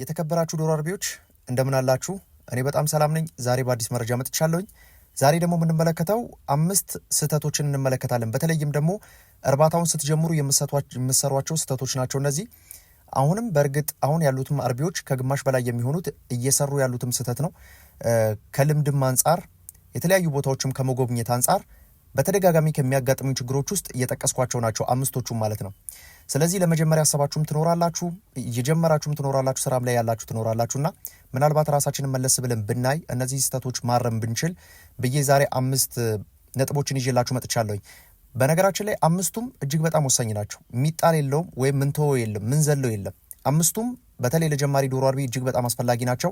የተከበራችሁ ዶሮ አርቢዎች እንደምን አላችሁ? እኔ በጣም ሰላም ነኝ። ዛሬ በአዲስ መረጃ መጥቻለሁኝ። ዛሬ ደግሞ የምንመለከተው አምስት ስህተቶችን እንመለከታለን። በተለይም ደግሞ እርባታውን ስትጀምሩ የምትሰሯቸው ስህተቶች ናቸው እነዚህ። አሁንም በእርግጥ አሁን ያሉትም አርቢዎች ከግማሽ በላይ የሚሆኑት እየሰሩ ያሉትም ስህተት ነው። ከልምድም አንጻር የተለያዩ ቦታዎችም ከመጎብኘት አንጻር በተደጋጋሚ ከሚያጋጥሙ ችግሮች ውስጥ እየጠቀስኳቸው ናቸው አምስቶቹም ማለት ነው። ስለዚህ ለመጀመሪያ ሀሳባችሁም ትኖራላችሁ፣ እየጀመራችሁም ትኖራላችሁ፣ ስራም ላይ ያላችሁ ትኖራላችሁና ምናልባት ራሳችንን መለስ ብለን ብናይ እነዚህ ስህተቶች ማረም ብንችል ብዬ ዛሬ አምስት ነጥቦችን ይዤላችሁ መጥቻለሁኝ። በነገራችን ላይ አምስቱም እጅግ በጣም ወሳኝ ናቸው። ሚጣል የለውም ወይም ምንተወው የለም ምንዘለው የለም። አምስቱም በተለይ ለጀማሪ ዶሮ አርቢ እጅግ በጣም አስፈላጊ ናቸው።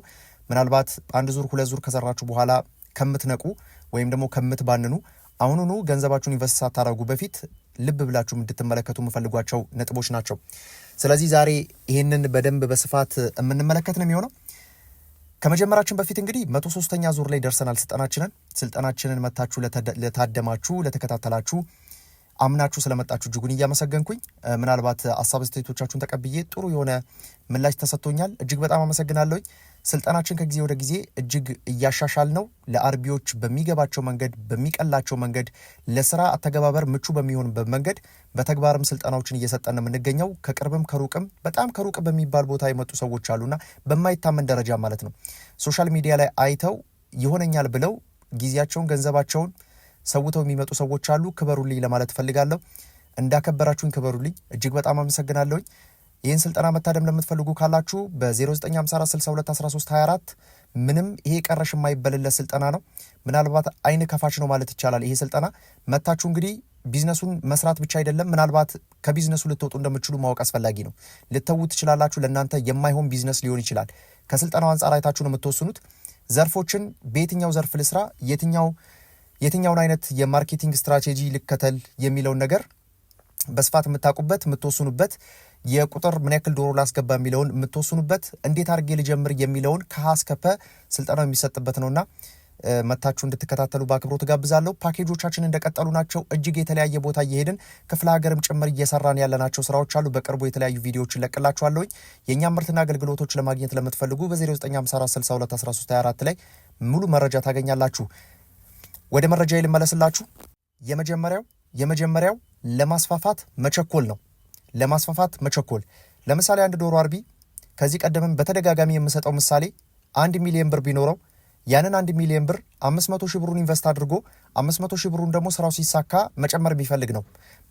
ምናልባት አንድ ዙር ሁለት ዙር ከሰራችሁ በኋላ ከምትነቁ ወይም ደግሞ ከምትባንኑ አሁኑኑ ገንዘባችሁን ኢንቨስት ሳታደርጉ በፊት ልብ ብላችሁ እንድትመለከቱ የምፈልጓቸው ነጥቦች ናቸው። ስለዚህ ዛሬ ይህንን በደንብ በስፋት የምንመለከት ነው የሚሆነው። ከመጀመራችን በፊት እንግዲህ መቶ ሶስተኛ ዙር ላይ ደርሰናል። ስልጠናችንን ስልጠናችንን መታችሁ ለታደማችሁ ለተከታተላችሁ አምናችሁ ስለመጣችሁ እጅጉን እያመሰገንኩኝ ምናልባት አሳብ ስቴቶቻችሁን ተቀብዬ ጥሩ የሆነ ምላሽ ተሰጥቶኛል። እጅግ በጣም አመሰግናለሁኝ። ስልጠናችን ከጊዜ ወደ ጊዜ እጅግ እያሻሻል ነው። ለአርቢዎች በሚገባቸው መንገድ በሚቀላቸው መንገድ ለስራ አተገባበር ምቹ በሚሆንበት መንገድ በተግባርም ስልጠናዎችን እየሰጠን ነው የምንገኘው። ከቅርብም ከሩቅም በጣም ከሩቅ በሚባል ቦታ የመጡ ሰዎች አሉና በማይታመን ደረጃ ማለት ነው ሶሻል ሚዲያ ላይ አይተው ይሆነኛል ብለው ጊዜያቸውን ገንዘባቸውን ሰውተው የሚመጡ ሰዎች አሉ። ክበሩልኝ ለማለት እፈልጋለሁ። እንዳከበራችሁኝ ክበሩልኝ። እጅግ በጣም አመሰግናለሁኝ። ይህን ስልጠና መታደም ለምትፈልጉ ካላችሁ በ0954621324 ምንም ይሄ ቀረሽ የማይበልለት ስልጠና ነው። ምናልባት አይን ከፋች ነው ማለት ይቻላል። ይሄ ስልጠና መታችሁ እንግዲህ ቢዝነሱን መስራት ብቻ አይደለም፣ ምናልባት ከቢዝነሱ ልትወጡ እንደምችሉ ማወቅ አስፈላጊ ነው። ልተዉ ትችላላችሁ። ለእናንተ የማይሆን ቢዝነስ ሊሆን ይችላል። ከስልጠናው አንጻር አይታችሁ ነው የምትወስኑት። ዘርፎችን በየትኛው ዘርፍ ልስራ የትኛው የትኛውን አይነት የማርኬቲንግ ስትራቴጂ ልከተል የሚለውን ነገር በስፋት የምታውቁበት የምትወስኑበት የቁጥር ምን ያክል ዶሮ ላስገባ የሚለውን የምትወስኑበት እንዴት አድርጌ ልጀምር የሚለውን ከሀ እስከ ፐ ስልጠናው የሚሰጥበት ነውና መታችሁ እንድትከታተሉ በአክብሮት ጋብዛለሁ። ፓኬጆቻችን እንደቀጠሉ ናቸው። እጅግ የተለያየ ቦታ እየሄድን ክፍለ ሀገርም ጭምር እየሰራን ያለናቸው ስራዎች አሉ። በቅርቡ የተለያዩ ቪዲዮዎች ለቅላችኋለሁኝ። የእኛ ምርትና አገልግሎቶች ለማግኘት ለምትፈልጉ በ0954621324 ላይ ሙሉ መረጃ ታገኛላችሁ። ወደ መረጃ ልመለስላችሁ። የመጀመሪያው የመጀመሪያው ለማስፋፋት መቸኮል ነው። ለማስፋፋት መቸኮል። ለምሳሌ አንድ ዶሮ አርቢ ከዚህ ቀደምም በተደጋጋሚ የምሰጠው ምሳሌ አንድ ሚሊዮን ብር ቢኖረው ያንን አንድ ሚሊዮን ብር አምስት መቶ ሺህ ብሩን ኢንቨስት አድርጎ አምስት መቶ ሺህ ብሩን ደግሞ ስራው ሲሳካ መጨመር የሚፈልግ ነው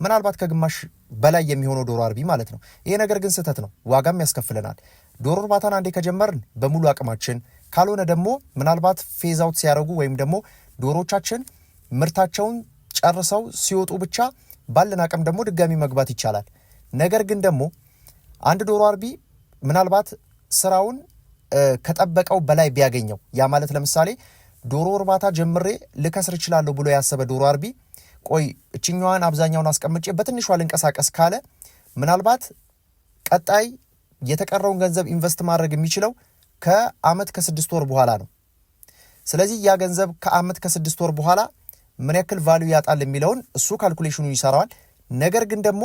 ምናልባት ከግማሽ በላይ የሚሆነው ዶሮ አርቢ ማለት ነው። ይሄ ነገር ግን ስህተት ነው፣ ዋጋም ያስከፍለናል። ዶሮ እርባታን አንዴ ከጀመርን በሙሉ አቅማችን ካልሆነ ደግሞ ምናልባት ፌዝ አውት ሲያደርጉ ወይም ደግሞ ዶሮቻችን ምርታቸውን ጨርሰው ሲወጡ ብቻ ባለን አቅም ደግሞ ድጋሚ መግባት ይቻላል። ነገር ግን ደግሞ አንድ ዶሮ አርቢ ምናልባት ስራውን ከጠበቀው በላይ ቢያገኘው ያ ማለት ለምሳሌ ዶሮ እርባታ ጀምሬ ልከስር እችላለሁ ብሎ ያሰበ ዶሮ አርቢ ቆይ እችኛዋን አብዛኛውን አስቀምጬ በትንሿ ልንቀሳቀስ ካለ ምናልባት ቀጣይ የተቀረውን ገንዘብ ኢንቨስት ማድረግ የሚችለው ከአመት ከስድስት ወር በኋላ ነው። ስለዚህ ያ ገንዘብ ከአመት ከስድስት ወር በኋላ ምን ያክል ቫሊዩ ያጣል የሚለውን እሱ ካልኩሌሽኑ ይሰራዋል። ነገር ግን ደግሞ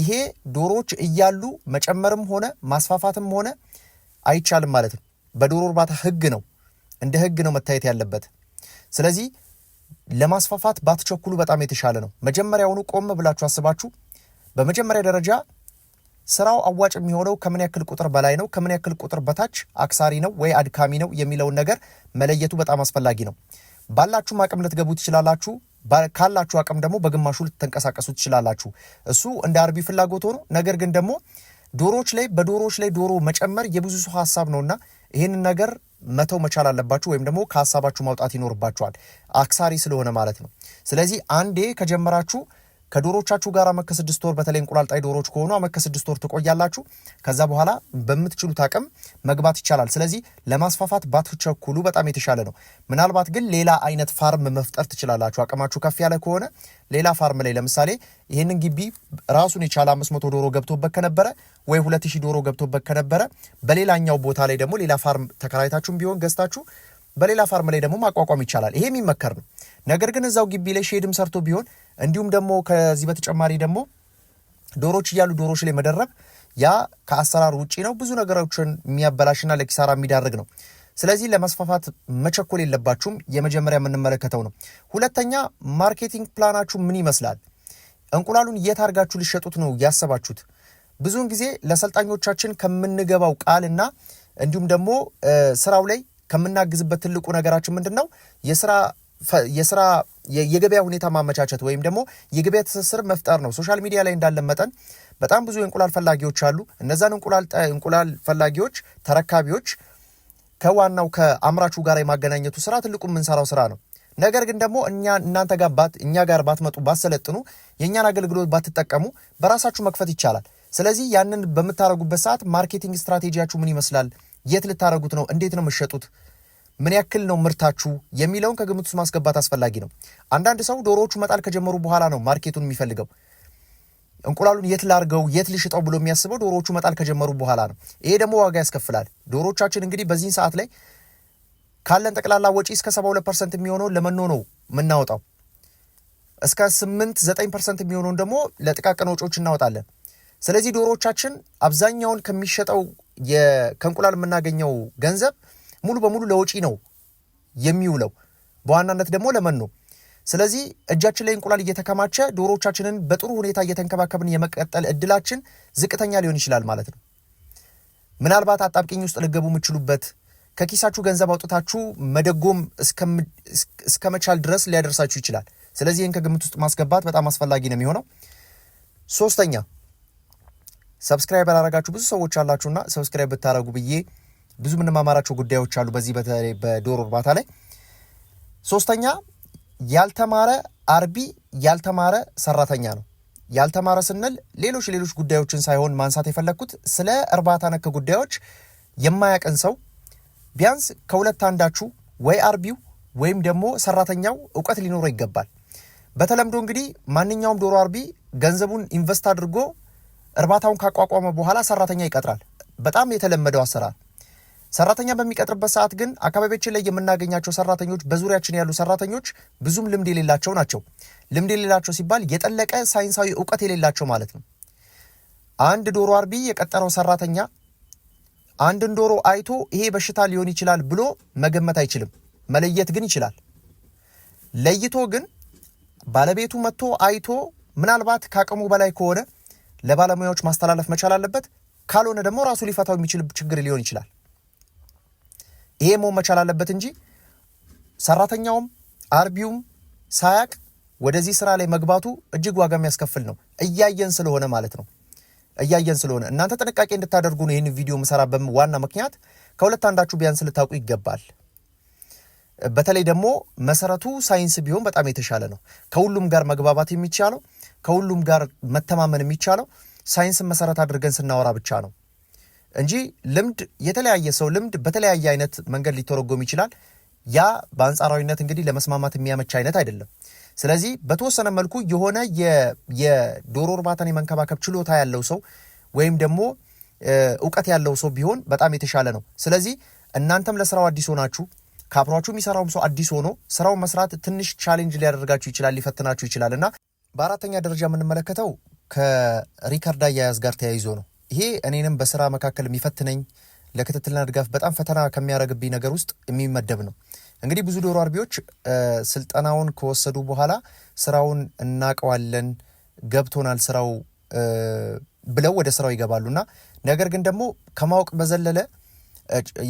ይሄ ዶሮዎች እያሉ መጨመርም ሆነ ማስፋፋትም ሆነ አይቻልም ማለት ነው። በዶሮ እርባታ ህግ ነው፣ እንደ ህግ ነው መታየት ያለበት። ስለዚህ ለማስፋፋት ባትቸኩሉ በጣም የተሻለ ነው። መጀመሪያውኑ ቆም ብላችሁ አስባችሁ በመጀመሪያ ደረጃ ስራው አዋጭ የሚሆነው ከምን ያክል ቁጥር በላይ ነው፣ ከምን ያክል ቁጥር በታች አክሳሪ ነው ወይ አድካሚ ነው የሚለውን ነገር መለየቱ በጣም አስፈላጊ ነው። ባላችሁም አቅም ልትገቡ ትችላላችሁ። ካላችሁ አቅም ደግሞ በግማሹ ልትንቀሳቀሱ ትችላላችሁ። እሱ እንደ አርቢ ፍላጎት ሆኖ ነገር ግን ደግሞ ዶሮዎች ላይ በዶሮዎች ላይ ዶሮ መጨመር የብዙ ሰው ሀሳብ ነውና ይህንን ነገር መተው መቻል አለባችሁ፣ ወይም ደግሞ ከሀሳባችሁ ማውጣት ይኖርባችኋል። አክሳሪ ስለሆነ ማለት ነው። ስለዚህ አንዴ ከጀመራችሁ ከዶሮቻችሁ ጋር አመከ ስድስት ወር በተለይ እንቁላልጣይ ዶሮች ከሆኑ አመከ ከስድስት ወር ትቆያላችሁ። ከዛ በኋላ በምትችሉት አቅም መግባት ይቻላል። ስለዚህ ለማስፋፋት ባትቸኩሉ በጣም የተሻለ ነው። ምናልባት ግን ሌላ አይነት ፋርም መፍጠር ትችላላችሁ። አቅማችሁ ከፍ ያለ ከሆነ ሌላ ፋርም ላይ ለምሳሌ ይህንን ግቢ ራሱን የቻለ 500 ዶሮ ገብቶበት ከነበረ ወይ 2000 ዶሮ ገብቶበት ከነበረ በሌላኛው ቦታ ላይ ደግሞ ሌላ ፋርም ተከራይታችሁም ቢሆን ገዝታችሁ በሌላ ፋርም ላይ ደግሞ ማቋቋም ይቻላል። ይሄ የሚመከር ነው። ነገር ግን እዛው ግቢ ላይ ሼድም ሰርቶ ቢሆን እንዲሁም ደግሞ ከዚህ በተጨማሪ ደግሞ ዶሮች እያሉ ዶሮች ላይ መደረብ ያ ከአሰራር ውጪ ነው። ብዙ ነገሮችን የሚያበላሽና ለኪሳራ የሚዳርግ ነው። ስለዚህ ለመስፋፋት መቸኮል የለባችሁም። የመጀመሪያ የምንመለከተው ነው። ሁለተኛ ማርኬቲንግ ፕላናችሁ ምን ይመስላል? እንቁላሉን የት አድርጋችሁ ሊሸጡት ነው ያሰባችሁት? ብዙውን ጊዜ ለሰልጣኞቻችን ከምንገባው ቃልና እንዲሁም ደግሞ ስራው ላይ ከምናግዝበት ትልቁ ነገራችን ምንድን ነው የስራ የስራ የገበያ ሁኔታ ማመቻቸት ወይም ደግሞ የገበያ ትስስር መፍጠር ነው። ሶሻል ሚዲያ ላይ እንዳለን መጠን በጣም ብዙ የእንቁላል ፈላጊዎች አሉ። እነዛን እንቁላል ፈላጊዎች ተረካቢዎች ከዋናው ከአምራቹ ጋር የማገናኘቱ ስራ ትልቁ የምንሰራው ስራ ነው። ነገር ግን ደግሞ እኛ እናንተ ጋር ባት እኛ ጋር ባትመጡ ባትሰለጥኑ፣ የእኛን አገልግሎት ባትጠቀሙ በራሳችሁ መክፈት ይቻላል። ስለዚህ ያንን በምታደርጉበት ሰዓት ማርኬቲንግ ስትራቴጂያችሁ ምን ይመስላል? የት ልታደርጉት ነው? እንዴት ነው የምትሸጡት? ምን ያክል ነው ምርታችሁ የሚለውን ከግምት ውስጥ ማስገባት አስፈላጊ ነው። አንዳንድ ሰው ዶሮዎቹ መጣል ከጀመሩ በኋላ ነው ማርኬቱን የሚፈልገው። እንቁላሉን የት ላርገው፣ የት ልሽጠው ብሎ የሚያስበው ዶሮዎቹ መጣል ከጀመሩ በኋላ ነው። ይሄ ደግሞ ዋጋ ያስከፍላል። ዶሮዎቻችን እንግዲህ በዚህን ሰዓት ላይ ካለን ጠቅላላ ወጪ እስከ 72 ፐርሰንት የሚሆነው ለመኖ ነው የምናወጣው። እስከ 8 9 ፐርሰንት የሚሆነውን ደግሞ ለጥቃቅን ወጪዎች እናወጣለን። ስለዚህ ዶሮዎቻችን አብዛኛውን ከሚሸጠው ከእንቁላል የምናገኘው ገንዘብ ሙሉ በሙሉ ለወጪ ነው የሚውለው፣ በዋናነት ደግሞ ለመኖ ነው። ስለዚህ እጃችን ላይ እንቁላል እየተከማቸ ዶሮቻችንን በጥሩ ሁኔታ እየተንከባከብን የመቀጠል እድላችን ዝቅተኛ ሊሆን ይችላል ማለት ነው። ምናልባት አጣብቂኝ ውስጥ ልገቡ የምችሉበት ከኪሳችሁ ገንዘብ አውጥታችሁ መደጎም እስከ መቻል ድረስ ሊያደርሳችሁ ይችላል። ስለዚህ ይህን ከግምት ውስጥ ማስገባት በጣም አስፈላጊ ነው የሚሆነው። ሶስተኛ ሰብስክራይብ ያላረጋችሁ ብዙ ሰዎች አላችሁና ሰብስክራይብ ብታረጉ ብዬ ብዙ የምንማማራቸው ጉዳዮች አሉ በዚህ በተለይ በዶሮ እርባታ ላይ። ሶስተኛ ያልተማረ አርቢ ያልተማረ ሰራተኛ ነው። ያልተማረ ስንል ሌሎች ሌሎች ጉዳዮችን ሳይሆን ማንሳት የፈለግኩት ስለ እርባታ ነክ ጉዳዮች የማያቀን ሰው ቢያንስ ከሁለት አንዳችሁ ወይ አርቢው ወይም ደግሞ ሰራተኛው እውቀት ሊኖረው ይገባል። በተለምዶ እንግዲህ ማንኛውም ዶሮ አርቢ ገንዘቡን ኢንቨስት አድርጎ እርባታውን ካቋቋመ በኋላ ሰራተኛ ይቀጥራል። በጣም የተለመደው አሰራር ሰራተኛ በሚቀጥርበት ሰዓት ግን አካባቢያችን ላይ የምናገኛቸው ሰራተኞች በዙሪያችን ያሉ ሰራተኞች ብዙም ልምድ የሌላቸው ናቸው። ልምድ የሌላቸው ሲባል የጠለቀ ሳይንሳዊ እውቀት የሌላቸው ማለት ነው። አንድ ዶሮ አርቢ የቀጠረው ሰራተኛ አንድን ዶሮ አይቶ ይሄ በሽታ ሊሆን ይችላል ብሎ መገመት አይችልም። መለየት ግን ይችላል። ለይቶ ግን ባለቤቱ መጥቶ አይቶ ምናልባት ከአቅሙ በላይ ከሆነ ለባለሙያዎች ማስተላለፍ መቻል አለበት። ካልሆነ ደግሞ ራሱ ሊፈታው የሚችል ችግር ሊሆን ይችላል። ይሄ መሆን መቻል አለበት እንጂ ሰራተኛውም አርቢውም ሳያቅ ወደዚህ ስራ ላይ መግባቱ እጅግ ዋጋ የሚያስከፍል ነው። እያየን ስለሆነ ማለት ነው። እያየን ስለሆነ እናንተ ጥንቃቄ እንድታደርጉ ነው ይህን ቪዲዮ ምሰራበት ዋና ምክንያት። ከሁለት አንዳችሁ ቢያንስ ልታውቁ ይገባል። በተለይ ደግሞ መሰረቱ ሳይንስ ቢሆን በጣም የተሻለ ነው። ከሁሉም ጋር መግባባት የሚቻለው ከሁሉም ጋር መተማመን የሚቻለው ሳይንስን መሰረት አድርገን ስናወራ ብቻ ነው። እንጂ ልምድ የተለያየ ሰው ልምድ በተለያየ አይነት መንገድ ሊተረጎም ይችላል። ያ በአንጻራዊነት እንግዲህ ለመስማማት የሚያመች አይነት አይደለም። ስለዚህ በተወሰነ መልኩ የሆነ የዶሮ እርባታን የመንከባከብ ችሎታ ያለው ሰው ወይም ደግሞ እውቀት ያለው ሰው ቢሆን በጣም የተሻለ ነው። ስለዚህ እናንተም ለስራው አዲስ ሆናችሁ ከአብሯችሁ የሚሰራውም ሰው አዲስ ሆኖ ስራውን መስራት ትንሽ ቻሌንጅ ሊያደርጋችሁ ይችላል፣ ሊፈትናችሁ ይችላል እና በአራተኛ ደረጃ የምንመለከተው ከሪከርድ አያያዝ ጋር ተያይዞ ነው። ይሄ እኔንም በስራ መካከል የሚፈትነኝ ለክትትልና ድጋፍ በጣም ፈተና ከሚያደርግብኝ ነገር ውስጥ የሚመደብ ነው። እንግዲህ ብዙ ዶሮ አርቢዎች ስልጠናውን ከወሰዱ በኋላ ስራውን እናቀዋለን፣ ገብቶናል ስራው ብለው ወደ ስራው ይገባሉና ነገር ግን ደግሞ ከማወቅ በዘለለ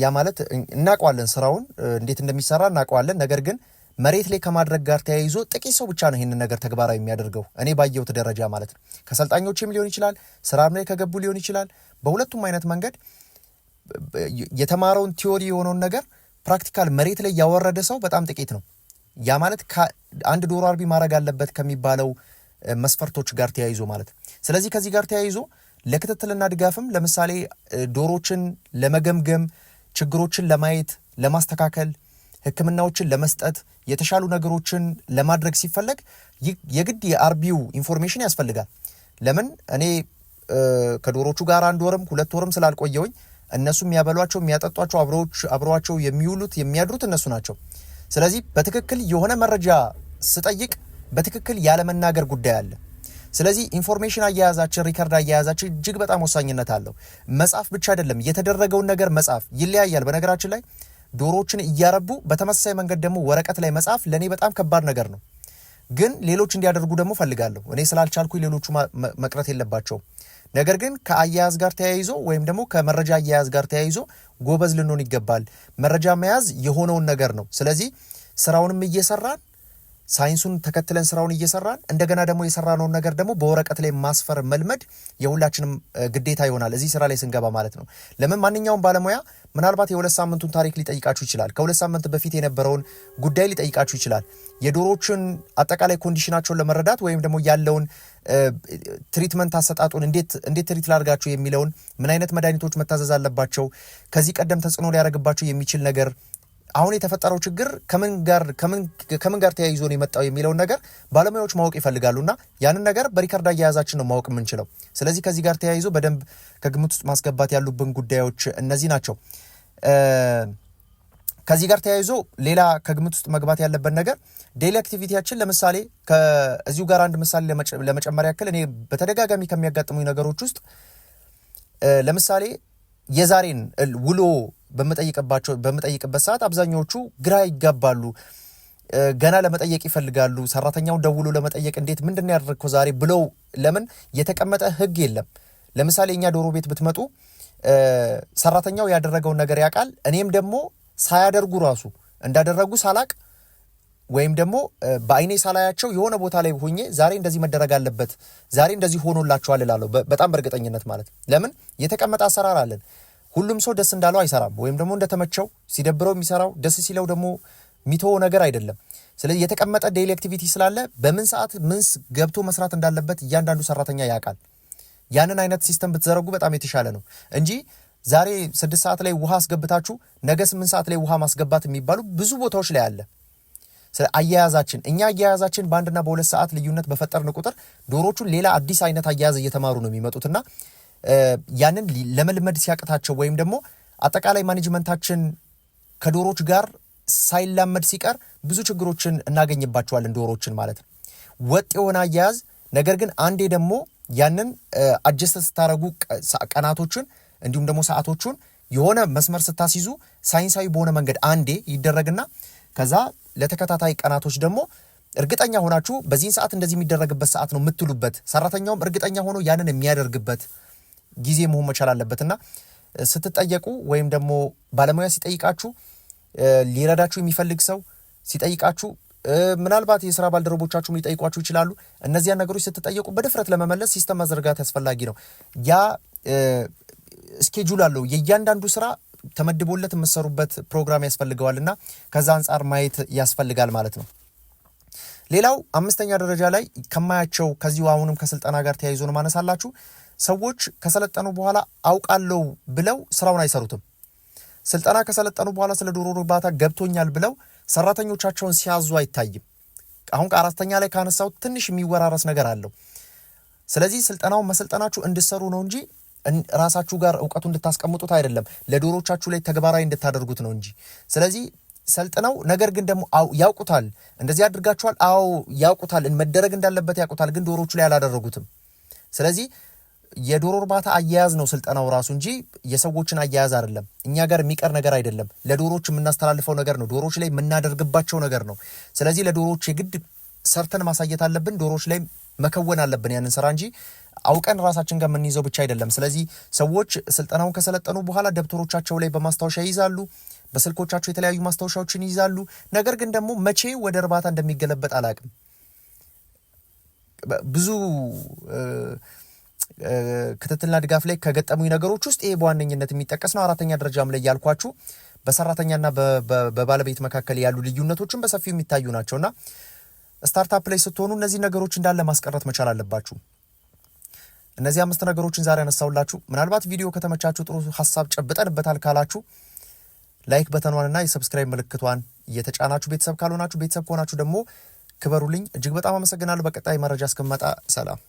ያ ማለት እናቀዋለን ስራውን እንዴት እንደሚሰራ እናቀዋለን ነገር ግን መሬት ላይ ከማድረግ ጋር ተያይዞ ጥቂት ሰው ብቻ ነው ይህንን ነገር ተግባራዊ የሚያደርገው እኔ ባየሁት ደረጃ ማለት ነው። ከሰልጣኞችም ሊሆን ይችላል፣ ስራም ላይ ከገቡ ሊሆን ይችላል። በሁለቱም አይነት መንገድ የተማረውን ቲዮሪ የሆነውን ነገር ፕራክቲካል መሬት ላይ ያወረደ ሰው በጣም ጥቂት ነው። ያ ማለት አንድ ዶሮ አርቢ ማድረግ አለበት ከሚባለው መስፈርቶች ጋር ተያይዞ ማለት። ስለዚህ ከዚህ ጋር ተያይዞ ለክትትልና ድጋፍም ለምሳሌ ዶሮችን ለመገምገም ችግሮችን ለማየት ለማስተካከል ህክምናዎችን ለመስጠት የተሻሉ ነገሮችን ለማድረግ ሲፈለግ የግድ የአርቢው ኢንፎርሜሽን ያስፈልጋል። ለምን እኔ ከዶሮቹ ጋር አንድ ወርም ሁለት ወርም ስላልቆየውኝ እነሱ የሚያበሏቸው የሚያጠጧቸው፣ አብረዋቸው የሚውሉት የሚያድሩት እነሱ ናቸው። ስለዚህ በትክክል የሆነ መረጃ ስጠይቅ በትክክል ያለመናገር ጉዳይ አለ። ስለዚህ ኢንፎርሜሽን አያያዛችን ሪከርድ አያያዛችን እጅግ በጣም ወሳኝነት አለው። መጻፍ ብቻ አይደለም የተደረገውን ነገር መጻፍ ይለያያል። በነገራችን ላይ ዶሮዎችን እያረቡ በተመሳሳይ መንገድ ደግሞ ወረቀት ላይ መጻፍ ለእኔ በጣም ከባድ ነገር ነው። ግን ሌሎች እንዲያደርጉ ደግሞ ፈልጋለሁ። እኔ ስላልቻልኩ ሌሎቹ መቅረት የለባቸውም። ነገር ግን ከአያያዝ ጋር ተያይዞ ወይም ደግሞ ከመረጃ አያያዝ ጋር ተያይዞ ጎበዝ ልንሆን ይገባል። መረጃ መያዝ የሆነውን ነገር ነው። ስለዚህ ስራውንም እየሰራን ሳይንሱን ተከትለን ስራውን እየሰራን እንደገና ደግሞ የሰራነውን ነገር ደግሞ በወረቀት ላይ ማስፈር መልመድ የሁላችንም ግዴታ ይሆናል፣ እዚህ ስራ ላይ ስንገባ ማለት ነው። ለምን ማንኛውም ባለሙያ ምናልባት የሁለት ሳምንቱን ታሪክ ሊጠይቃችሁ ይችላል። ከሁለት ሳምንት በፊት የነበረውን ጉዳይ ሊጠይቃችሁ ይችላል። የዶሮዎችን አጠቃላይ ኮንዲሽናቸውን ለመረዳት ወይም ደግሞ ያለውን ትሪትመንት አሰጣጡን እንዴት ትሪት ላድርጋቸው የሚለውን ምን አይነት መድኃኒቶች መታዘዝ አለባቸው ከዚህ ቀደም ተጽዕኖ ሊያደርግባቸው የሚችል ነገር አሁን የተፈጠረው ችግር ከምን ጋር ተያይዞ ነው የመጣው የሚለውን ነገር ባለሙያዎች ማወቅ ይፈልጋሉና ያንን ነገር በሪካርድ አያያዛችን ነው ማወቅ የምንችለው። ስለዚህ ከዚህ ጋር ተያይዞ በደንብ ከግምት ውስጥ ማስገባት ያሉብን ጉዳዮች እነዚህ ናቸው። ከዚህ ጋር ተያይዞ ሌላ ከግምት ውስጥ መግባት ያለበት ነገር ዴይሊ አክቲቪቲያችን ለምሳሌ ከዚሁ ጋር አንድ ምሳሌ ለመጨመር ያክል እኔ በተደጋጋሚ ከሚያጋጥሙኝ ነገሮች ውስጥ ለምሳሌ የዛሬን ውሎ በምጠይቅባቸው በምጠይቅበት ሰዓት አብዛኛዎቹ ግራ ይጋባሉ። ገና ለመጠየቅ ይፈልጋሉ። ሰራተኛውን ደውሎ ለመጠየቅ እንዴት ምንድን ያደረግከው ዛሬ ብለው ለምን የተቀመጠ ህግ የለም። ለምሳሌ እኛ ዶሮ ቤት ብትመጡ ሰራተኛው ያደረገውን ነገር ያውቃል። እኔም ደግሞ ሳያደርጉ ራሱ እንዳደረጉ ሳላቅ ወይም ደግሞ በአይኔ ሳላያቸው የሆነ ቦታ ላይ ሆኜ ዛሬ እንደዚህ መደረግ አለበት፣ ዛሬ እንደዚህ ሆኖላቸዋል እላለሁ። በጣም በእርግጠኝነት ማለት ለምን የተቀመጠ አሰራር አለን። ሁሉም ሰው ደስ እንዳለው አይሰራም፣ ወይም ደግሞ እንደተመቸው ሲደብረው የሚሰራው ደስ ሲለው ደግሞ ሚቶ ነገር አይደለም። ስለዚህ የተቀመጠ ዴይሊ አክቲቪቲ ስላለ በምን ሰዓት ምንስ ገብቶ መስራት እንዳለበት እያንዳንዱ ሰራተኛ ያውቃል። ያንን አይነት ሲስተም ብትዘረጉ በጣም የተሻለ ነው እንጂ ዛሬ ስድስት ሰዓት ላይ ውሃ አስገብታችሁ ነገ ስምንት ሰዓት ላይ ውሃ ማስገባት የሚባሉ ብዙ ቦታዎች ላይ አለ። ስለ አያያዛችን እኛ አያያዛችን በአንድና በሁለት ሰዓት ልዩነት በፈጠርን ቁጥር ዶሮቹን ሌላ አዲስ አይነት አያያዝ እየተማሩ ነው የሚመጡትና ያንን ለመልመድ ሲያቅታቸው ወይም ደግሞ አጠቃላይ ማኔጅመንታችን ከዶሮች ጋር ሳይላመድ ሲቀር ብዙ ችግሮችን እናገኝባቸዋለን፣ ዶሮችን ማለት ነው። ወጥ የሆነ አያያዝ ነገር ግን አንዴ ደግሞ ያንን አጀስተ ስታደረጉ ቀናቶችን እንዲሁም ደግሞ ሰዓቶቹን የሆነ መስመር ስታስይዙ ሳይንሳዊ በሆነ መንገድ አንዴ ይደረግና ከዛ ለተከታታይ ቀናቶች ደግሞ እርግጠኛ ሆናችሁ በዚህን ሰዓት እንደዚህ የሚደረግበት ሰዓት ነው የምትሉበት፣ ሰራተኛውም እርግጠኛ ሆኖ ያንን የሚያደርግበት ጊዜ መሆን መቻል አለበትና ስትጠየቁ ወይም ደግሞ ባለሙያ ሲጠይቃችሁ ሊረዳችሁ የሚፈልግ ሰው ሲጠይቃችሁ ምናልባት የስራ ባልደረቦቻችሁም ሊጠይቋችሁ ይችላሉ። እነዚያን ነገሮች ስትጠየቁ በድፍረት ለመመለስ ሲስተም መዘርጋት ያስፈላጊ ነው። ያ ስኬጁል አለው የእያንዳንዱ ስራ ተመድቦለት የምትሰሩበት ፕሮግራም ያስፈልገዋል እና ከዛ አንጻር ማየት ያስፈልጋል ማለት ነው። ሌላው አምስተኛ ደረጃ ላይ ከማያቸው ከዚሁ አሁንም ከስልጠና ጋር ተያይዞ ነው ማነሳላችሁ ሰዎች ከሰለጠኑ በኋላ አውቃለሁ ብለው ስራውን አይሰሩትም። ስልጠና ከሰለጠኑ በኋላ ስለ ዶሮ እርባታ ገብቶኛል ብለው ሰራተኞቻቸውን ሲያዙ አይታይም። አሁን ከአራተኛ ላይ ካነሳው ትንሽ የሚወራረስ ነገር አለው። ስለዚህ ስልጠናውን መሰልጠናችሁ እንድሰሩ ነው እንጂ ራሳችሁ ጋር እውቀቱ እንድታስቀምጡት አይደለም፣ ለዶሮቻችሁ ላይ ተግባራዊ እንድታደርጉት ነው እንጂ። ስለዚህ ሰልጥነው ነገር ግን ደግሞ ያውቁታል፣ እንደዚህ አድርጋችኋል፣ አዎ ያውቁታል፣ መደረግ እንዳለበት ያውቁታል፣ ግን ዶሮቹ ላይ አላደረጉትም። ስለዚህ የዶሮ እርባታ አያያዝ ነው ስልጠናው ራሱ እንጂ የሰዎችን አያያዝ አይደለም። እኛ ጋር የሚቀር ነገር አይደለም። ለዶሮዎች የምናስተላልፈው ነገር ነው። ዶሮች ላይ የምናደርግባቸው ነገር ነው። ስለዚህ ለዶሮዎች የግድ ሰርተን ማሳየት አለብን። ዶሮች ላይ መከወን አለብን ያንን ስራ እንጂ አውቀን ራሳችን ጋር የምንይዘው ብቻ አይደለም። ስለዚህ ሰዎች ስልጠናውን ከሰለጠኑ በኋላ ደብተሮቻቸው ላይ በማስታወሻ ይይዛሉ፣ በስልኮቻቸው የተለያዩ ማስታወሻዎችን ይይዛሉ። ነገር ግን ደግሞ መቼ ወደ እርባታ እንደሚገለበጥ አላውቅም ብዙ ክትትልና ድጋፍ ላይ ከገጠሙኝ ነገሮች ውስጥ ይሄ በዋነኝነት የሚጠቀስ ነው። አራተኛ ደረጃም ላይ ያልኳችሁ በሰራተኛና በባለቤት መካከል ያሉ ልዩነቶችን በሰፊው የሚታዩ ናቸውና ስታርታፕ ላይ ስትሆኑ እነዚህ ነገሮች እንዳለ ማስቀረት መቻል አለባችሁ። እነዚህ አምስት ነገሮችን ዛሬ ያነሳውላችሁ። ምናልባት ቪዲዮ ከተመቻችሁ ጥሩ ሀሳብ ጨብጠንበታል ካላችሁ ላይክ በተኗንና የሰብስክራይብ ምልክቷን እየተጫናችሁ ቤተሰብ ካልሆናችሁ ቤተሰብ ከሆናችሁ ደግሞ ክበሩልኝ። እጅግ በጣም አመሰግናለሁ። በቀጣይ መረጃ እስክመጣ ሰላም።